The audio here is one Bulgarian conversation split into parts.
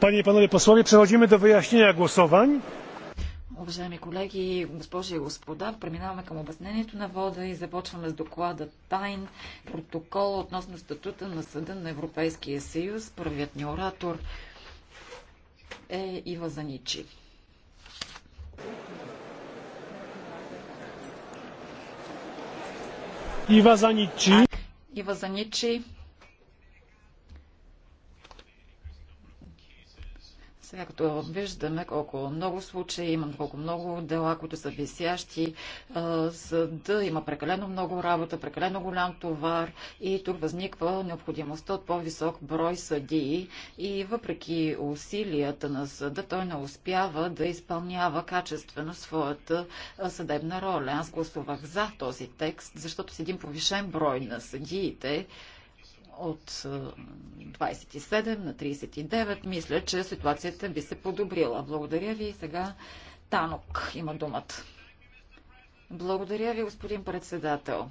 Panie i panowie posłowie, przechodzimy do wyjaśnienia głosowań. Уважаеми колеги, госпожи и господа, преминаваме към обяснението на вода и започваме с доклада Тайн, протокол относно статута на Съда на Европейския съюз. Първият ни оратор е Ива Заничи. Ива Заничи. Ива Заничи. Сега като виждаме колко много случаи, имам колко много дела, които са висящи, съда има прекалено много работа, прекалено голям товар и тук възниква необходимостта от по-висок брой съдии и въпреки усилията на съда, той не успява да изпълнява качествено своята съдебна роля. Аз гласувах за този текст, защото с един повишен брой на съдиите, от 27 е, на 39, мисля, че ситуацията би се подобрила. Благодаря ви и сега Танок има думата. Благодаря ви, господин председател.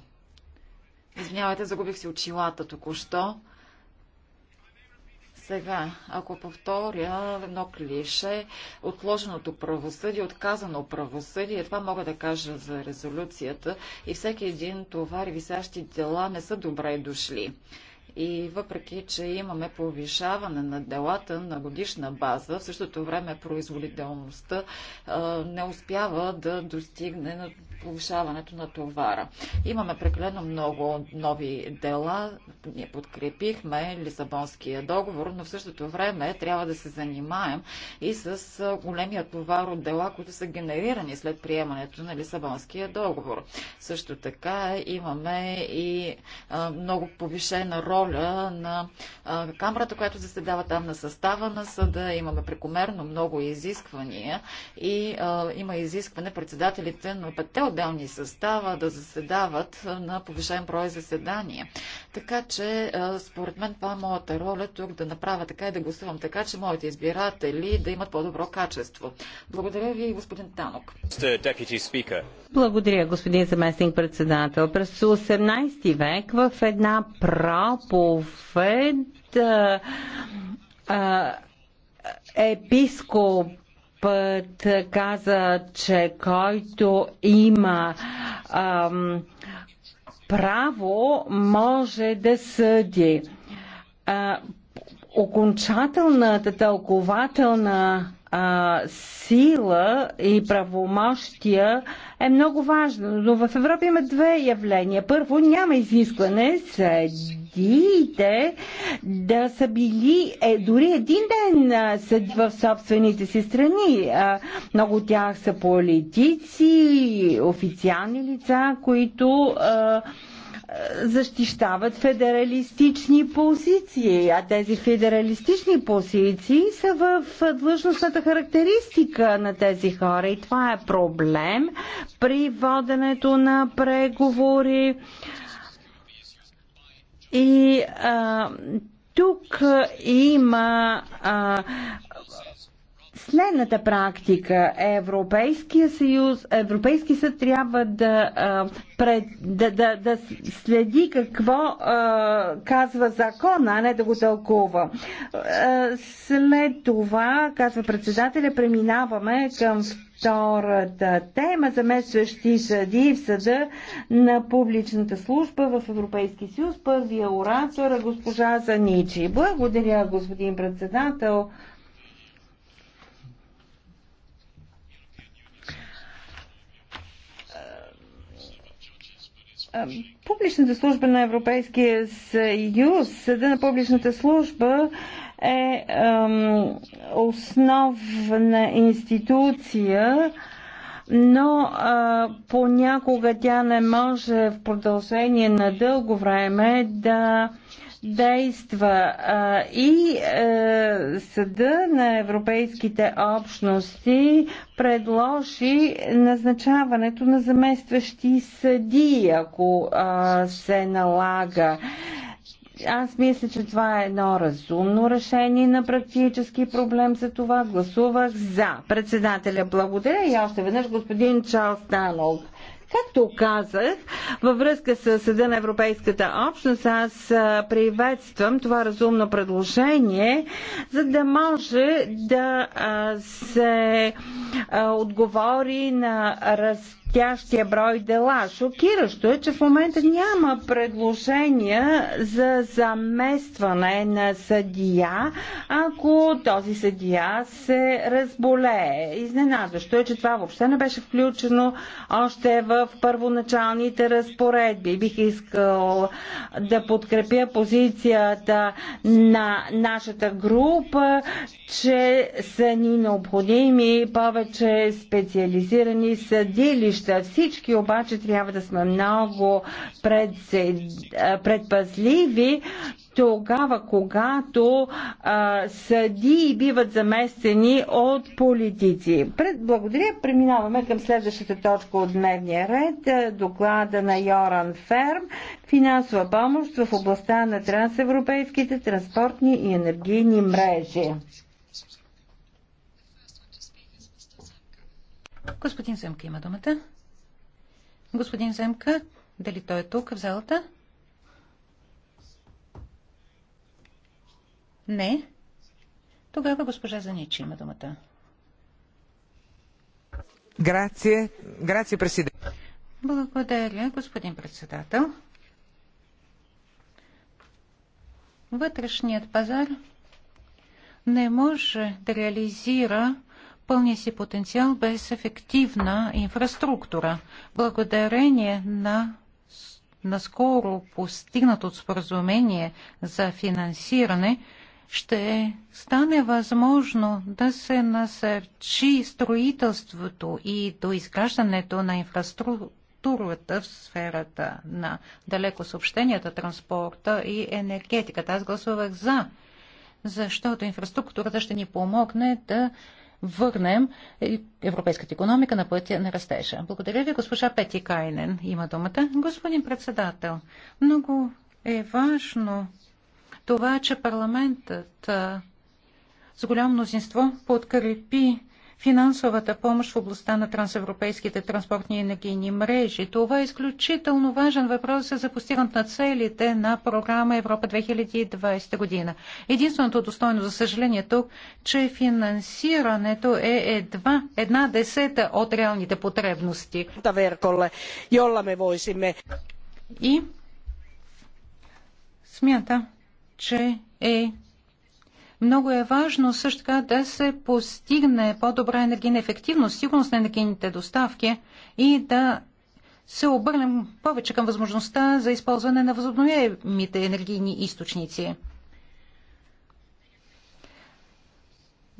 Извинявайте, загубих си очилата току-що. Сега, ако повторя едно клише, отложеното правосъдие, отказано правосъдие, това мога да кажа за резолюцията и всеки един товар и висящи дела не са добре дошли. И въпреки, че имаме повишаване на делата на годишна база, в същото време производителността не успява да достигне на повишаването на товара. Имаме прекалено много нови дела. Ние подкрепихме Лисабонския договор, но в същото време трябва да се занимаем и с големия товар от дела, които са генерирани след приемането на Лисабонския договор. Също така имаме и много повишена роля роля на камерата, която заседава там, на състава на съда. Имаме прекомерно много изисквания и има изискване председателите на петте отделни състава да заседават на повишен брой заседания. Така че, според мен, това е моята роля тук да направя така и да гласувам така, че моите избиратели да имат по-добро качество. Благодаря ви, господин Танок. Благодаря, господин заместник председател. През 18 век в една проп проповед епископ каза, че който има а, право, може да съди. А, окончателната тълкователна а, сила и правомощия е много важно. Но в Европа има две явления. Първо, няма изискване съдиите да са били е, дори един ден съди в собствените си страни. А, много от тях са политици, официални лица, които а, защищават федералистични позиции, а тези федералистични позиции са в длъжностната характеристика на тези хора и това е проблем при воденето на преговори. И а, тук има а, следната практика. Европейския съюз, Европейски съд трябва да, а, пред, да, да, да следи какво а, казва закона, а не да го тълкува. след това, казва председателя, преминаваме към втората тема заместващи съди в съда на публичната служба в Европейски съюз. Първия оратор е госпожа Заничи. Благодаря, господин председател. Публичната служба на Европейския съюз, съда на публичната служба е основна институция, но а, понякога тя не може в продължение на дълго време да действа а, и а, е, съда на европейските общности предложи назначаването на заместващи съди, ако а, се налага. Аз мисля, че това е едно разумно решение на практически проблем за това. Гласувах за. Председателя благодаря и още веднъж господин Чарлз Данолд. Както казах, във връзка с Съда на Европейската общност, аз приветствам това разумно предложение, за да може да се отговори на раз растящия брой дела. Шокиращо е, че в момента няма предложения за заместване на съдия, ако този съдия се разболее. Изненадващо е, че това въобще не беше включено още в първоначалните разпоредби. Бих искал да подкрепя позицията на нашата група, че са ни необходими повече специализирани съдилища равнища. Всички обаче трябва да сме много предпазливи тогава, когато а, съдии биват заместени от политици. Пред, благодаря. Преминаваме към следващата точка от дневния ред. Доклада на Йоран Ферм. Финансова помощ в областта на трансевропейските транспортни и енергийни мрежи. Господин Земка има думата. Господин Земка, дали той е тук в залата? Не. Тогава госпожа Заничи има думата. Грация, грация председател. Благодаря, господин председател. Вътрешният пазар не може да реализира пълния си потенциал без ефективна инфраструктура. Благодарение на наскоро постигнатото споразумение за финансиране, ще стане възможно да се насърчи строителството и доизграждането на инфраструктурата в сферата на далеко съобщенията, транспорта и енергетиката. Аз гласувах за, защото инфраструктурата ще ни помогне да върнем европейската економика на пътя на растежа. Благодаря ви, госпожа Пети Кайнен. Има думата. Господин председател, много е важно това, че парламентът с голямо мнозинство подкрепи финансовата помощ в областта на трансевропейските транспортни и енергийни мрежи. Това е изключително важен въпрос за постигането на целите на програма Европа 2020 година. Единственото достойно, за съжаление, тук, че финансирането е едва една десета от реалните потребности. И смята, че е много е важно също така да се постигне по-добра енергийна ефективност, сигурност на енергийните доставки и да се обърнем повече към възможността за използване на възобновяемите енергийни източници.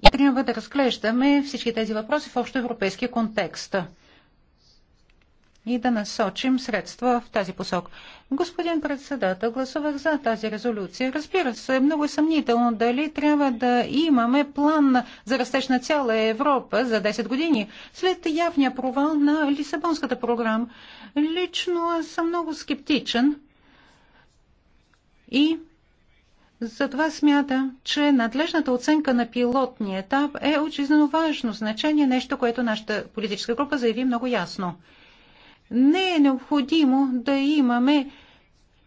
И трябва да разглеждаме всички тези въпроси в общо европейския контекст и да насочим средства в тази посок. Господин председател, гласувах за тази резолюция. Разбира се, много е съмнително дали трябва да имаме план за растеж на цяла Европа за 10 години, след явния провал на Лисабонската програма. Лично аз съм много скептичен и затова смята, че надлежната оценка на пилотния етап е от важно значение, нещо, което нашата политическа група заяви много ясно не е необходимо да имаме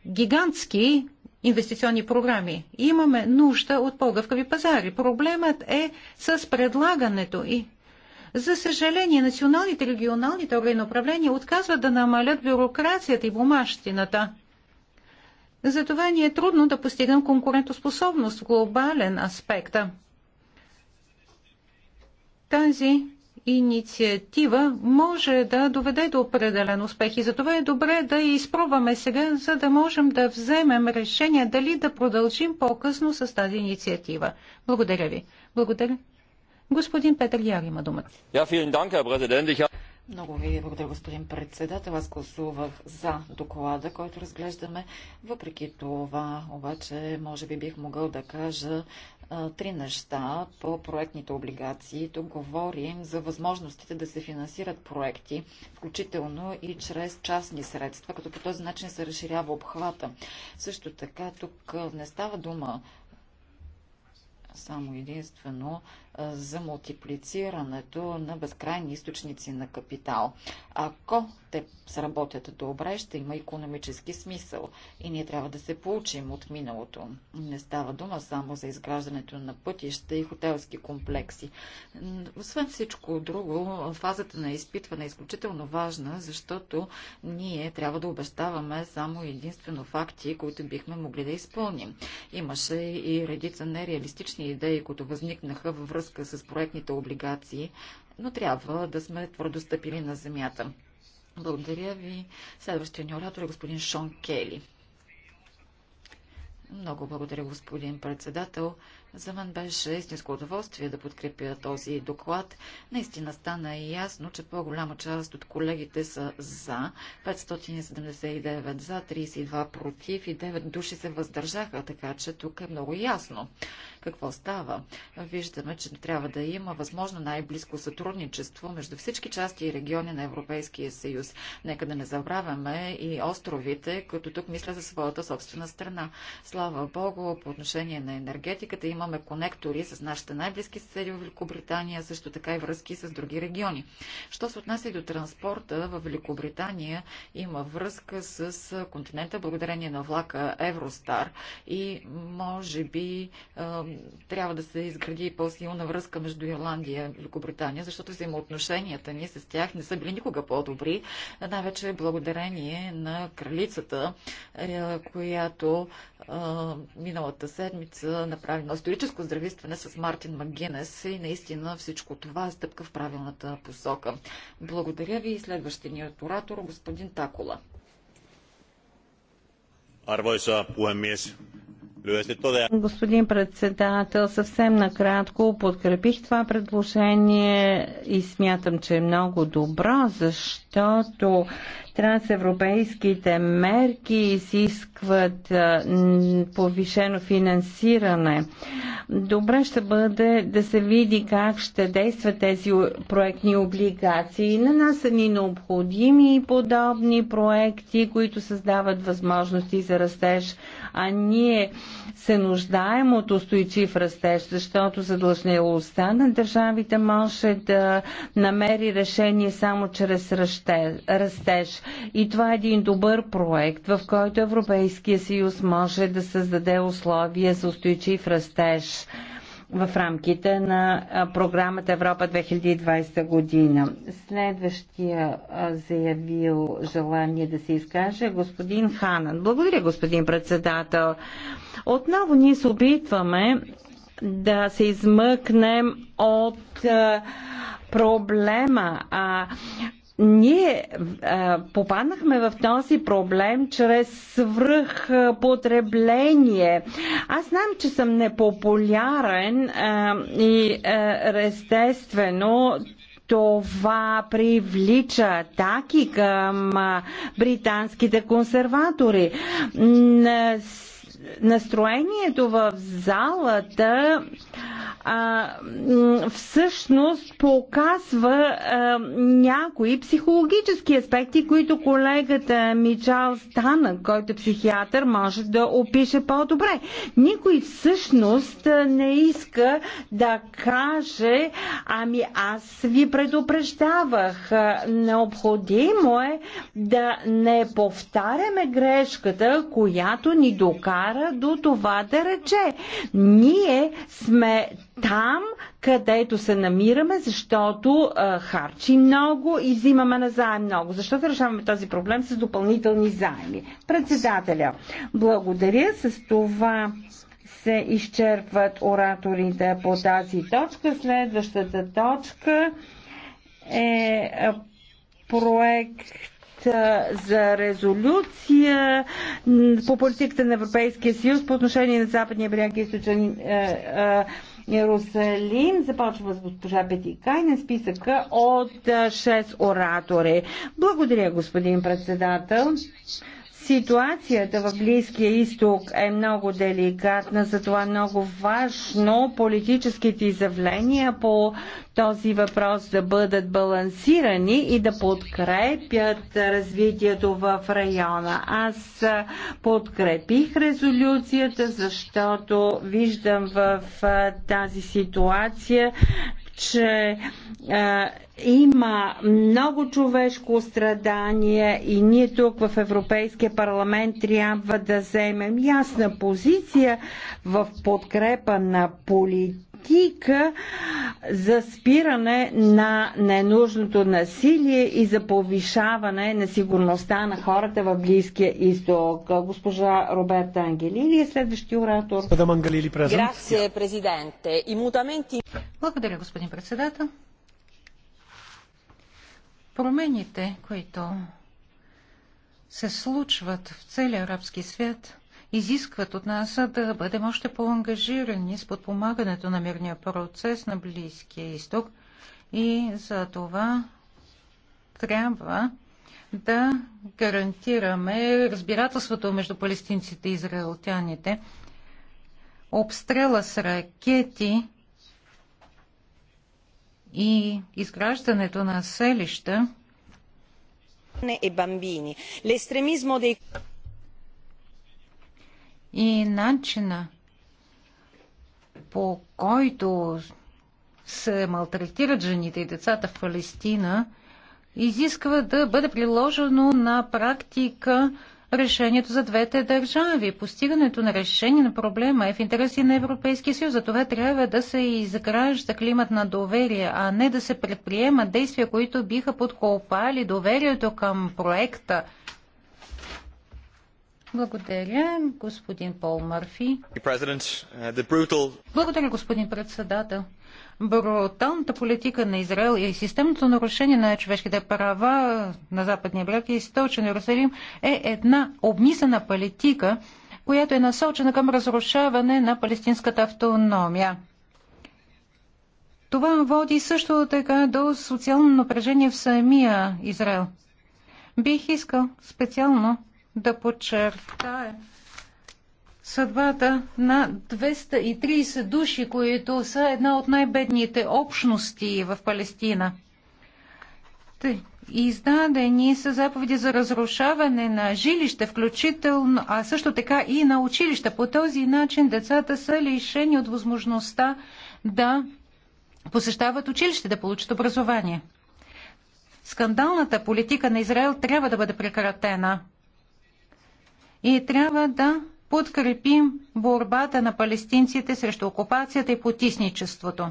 гигантски инвестиционни програми. Имаме нужда от по-гъвкави пазари. Проблемът е с предлагането и за съжаление, националните и регионалните органи на управление отказват да намалят бюрокрацията и бумащината. Затова ни е трудно да постигнем конкурентоспособност в глобален аспект. Тази инициатива може да доведе до определен успех. И затова е добре да изпробваме сега, за да можем да вземем решение дали да продължим по-късно с тази инициатива. Благодаря ви. Благодаря. Господин Петър Яр има думата. много ви благодаря, господин председател. Аз гласувах за доклада, който разглеждаме. Въпреки това, обаче, може би бих могъл да кажа, три неща по проектните облигации. Тук говорим за възможностите да се финансират проекти, включително и чрез частни средства, като по този начин се разширява обхвата. Също така тук не става дума само единствено за мултиплицирането на безкрайни източници на капитал. Ако те сработят добре, ще има економически смисъл и ние трябва да се получим от миналото. Не става дума само за изграждането на пътища и хотелски комплекси. Освен всичко друго, фазата на изпитване е изключително важна, защото ние трябва да обещаваме само единствено факти, които бихме могли да изпълним. Имаше и редица нереалистични идеи, които възникнаха във връзка връзка с проектните облигации, но трябва да сме твърдо стъпили на земята. Благодаря ви. Следващия ни оратор е господин Шон Кели. Много благодаря, господин председател. За мен беше истинско удоволствие да подкрепя този доклад. Наистина стана и ясно, че по-голяма част от колегите са за, 579 за, 32 против и 9 души се въздържаха, така че тук е много ясно какво става. Виждаме, че трябва да има възможно най-близко сътрудничество между всички части и региони на Европейския съюз. Нека да не забравяме и островите, които тук мисля за своята собствена страна. Слава Богу, по отношение на енергетиката има имаме конектори с нашите най-близки съседи в Великобритания, също така и връзки с други региони. Що се отнася до транспорта, в Великобритания има връзка с континента благодарение на влака Евростар и може би трябва да се изгради по-силна връзка между Ирландия и Великобритания, защото взаимоотношенията ни с тях не са били никога по-добри, най-вече благодарение на кралицата, е, която миналата седмица направи много историческо здравистване с Мартин Магинес и наистина всичко това е стъпка в правилната посока. Благодаря ви и ни оратор, господин Такола. Arvoisa puhemies, Господин председател, съвсем накратко подкрепих това предложение и смятам, че е много добро, защото Трансевропейските мерки изискват повишено финансиране. Добре ще бъде да се види как ще действат тези проектни облигации. На нас са ни необходими и подобни проекти, които създават възможности за растеж, а ние се нуждаем от устойчив растеж, защото задлъжнелостта на държавите може да намери решение само чрез растеж. И това е един добър проект, в който Европейския съюз може да създаде условия за устойчив растеж в рамките на програмата Европа 2020 година. Следващия заявил желание да се изкаже е господин Ханан. Благодаря, господин председател. Отново ние се опитваме да се измъкнем от проблема. А, ние а, попаднахме в този проблем чрез свръхпотребление. Аз знам, че съм непопулярен а, и а, естествено това привлича таки към британските консерватори. Настроението в залата а, всъщност показва а, някои психологически аспекти, които колегата Мичал Стана, който е психиатър, може да опише по-добре. Никой всъщност не иска да каже, ами аз ви предупреждавах. Необходимо е да не повтаряме грешката, която ни докара до това да рече. Ние сме там, където се намираме, защото а, харчи много и взимаме на заем много. Защото решаваме този проблем с допълнителни заеми. Председателя, благодаря. С това се изчерпват ораторите по тази точка. Следващата точка е проект за резолюция по политиката на Европейския съюз по отношение на Западния бряг и Източен е, е, Иерусалим. Започва с госпожа Петикайна списъка от 6 оратори. Благодаря, господин председател. Ситуацията в Близкия изток е много деликатна, затова е много важно политическите изявления по този въпрос да бъдат балансирани и да подкрепят развитието в района. Аз подкрепих резолюцията, защото виждам в тази ситуация че а, има много човешко страдание и ние тук в Европейския парламент трябва да вземем ясна позиция в подкрепа на политика политика за спиране на ненужното насилие и за повишаване на сигурността на хората в Близкия изток. Госпожа Роберта Ангелили е следващия оратор. Благодаря, господин председател. Промените, които се случват в целия арабски свят, изискват от нас да бъдем още по-ангажирани с подпомагането на мирния процес на Близкия изток и за това трябва да гарантираме разбирателството между палестинците и израелтяните. Обстрела с ракети и изграждането на селища и начина по който се малтретират жените и децата в Палестина, изисква да бъде приложено на практика решението за двете държави. Постигането на решение на проблема е в интереси на Европейския съюз. Затова трябва да се изгражда климат на доверие, а не да се предприемат действия, които биха подкопали доверието към проекта благодаря, господин Пол Мърфи. Е, Благодаря, господин председател. Бруталната политика на Израел и системното нарушение на човешките права на Западния бряг и източен Иерусалим е една обмислена политика, която е насочена към разрушаване на палестинската автономия. Това води също така до социално напрежение в самия Израел. Бих искал специално да подчертая съдбата на 230 души, които са една от най-бедните общности в Палестина. Издадени са заповеди за разрушаване на жилище, включително, а също така и на училища. По този начин децата са лишени от възможността да посещават училище, да получат образование. Скандалната политика на Израел трябва да бъде прекратена. И трябва да подкрепим борбата на палестинците срещу окупацията и потисничеството.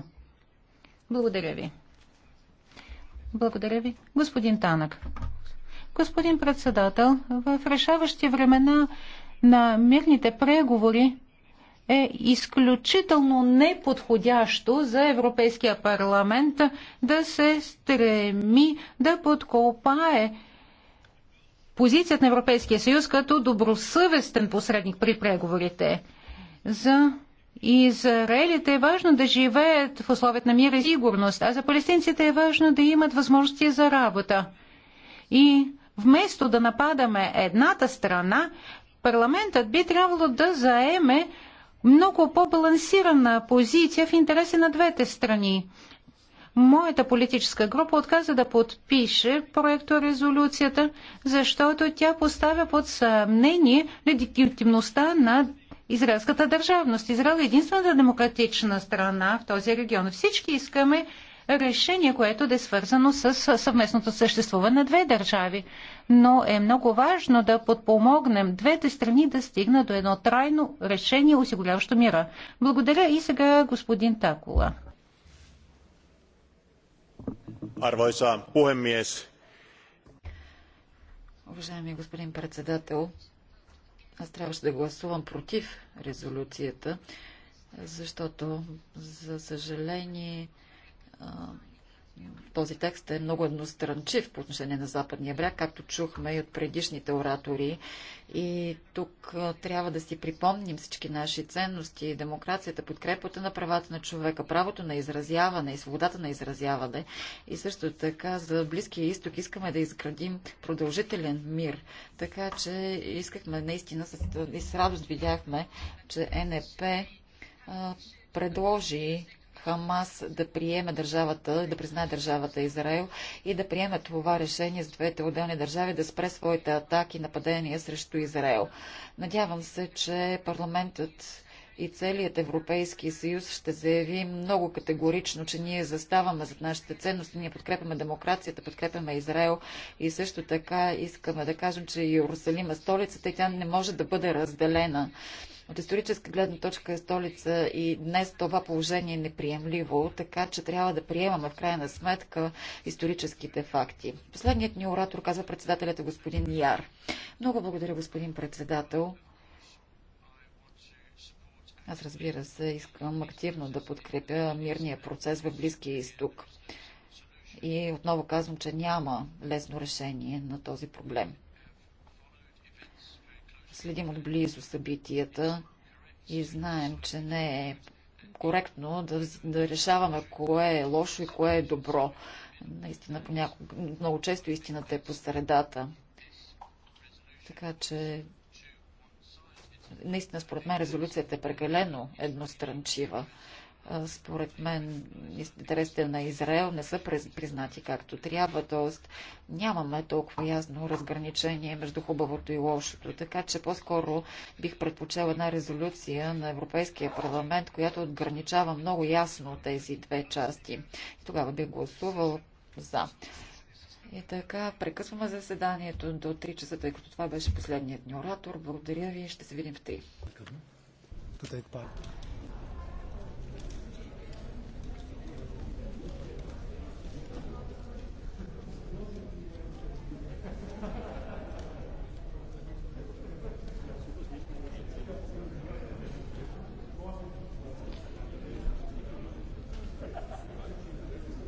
Благодаря ви. Благодаря ви. Господин Танък. Господин председател, в решаващи времена на мирните преговори е изключително неподходящо за Европейския парламент да се стреми да подкопае позицията на Европейския съюз като добросъвестен посредник при преговорите. За израелите е важно да живеят в условията на мир и сигурност, а за палестинците е важно да имат възможности за работа. И вместо да нападаме едната страна, парламентът би трябвало да заеме много по-балансирана позиция в интереси на двете страни. Моята политическа група отказа да подпише проекто резолюцията, защото тя поставя под съмнение легитимността на израелската държавност. Израел е единствената демократична страна в този регион. Всички искаме решение, което да е свързано с съвместното съществуване на две държави. Но е много важно да подпомогнем двете страни да стигнат до едно трайно решение, осигуряващо мира. Благодаря и сега господин Такола. Arvoisa puhemies. Уважаеми господин председател, аз трябваше да гласувам против резолюцията, защото, за съжаление, този текст е много едностранчив по отношение на Западния бряг, както чухме и от предишните оратори. И тук трябва да си припомним всички наши ценности, демокрацията, подкрепата на правата на човека, правото на изразяване и свободата на изразяване. И също така за Близкия изток искаме да изградим продължителен мир. Така че искахме наистина с, и с радост видяхме, че НЕП предложи Хамас да приеме държавата, да признае държавата Израел и да приеме това решение с двете отделни държави да спре своите атаки и нападения срещу Израел. Надявам се, че парламентът и целият Европейски съюз ще заяви много категорично, че ние заставаме зад нашите ценности, ние подкрепяме демокрацията, подкрепяме Израел и също така искаме да кажем, че Иерусалим е столицата и тя не може да бъде разделена. От историческа гледна точка е столица и днес това положение е неприемливо, така че трябва да приемаме в крайна сметка историческите факти. Последният ни оратор казва председателят е господин Яр. Много благодаря, господин председател. Аз разбира се, искам активно да подкрепя мирния процес в Близкия изток. И отново казвам, че няма лесно решение на този проблем. Следим отблизо събитията и знаем, че не е коректно да, да решаваме кое е лошо и кое е добро. Наистина, понякога, много често истината е по средата. Така че Наистина, според мен, резолюцията е прекалено едностранчива. Според мен, интересите на Израел не са признати както трябва, т.е. нямаме толкова ясно разграничение между хубавото и лошото. Така че по-скоро бих предпочел една резолюция на Европейския парламент, която отграничава много ясно тези две части. И тогава бих гласувал за. И така, прекъсваме заседанието до 3 часа, тъй като това беше последният ни оратор. Благодаря ви и ще се видим в 3.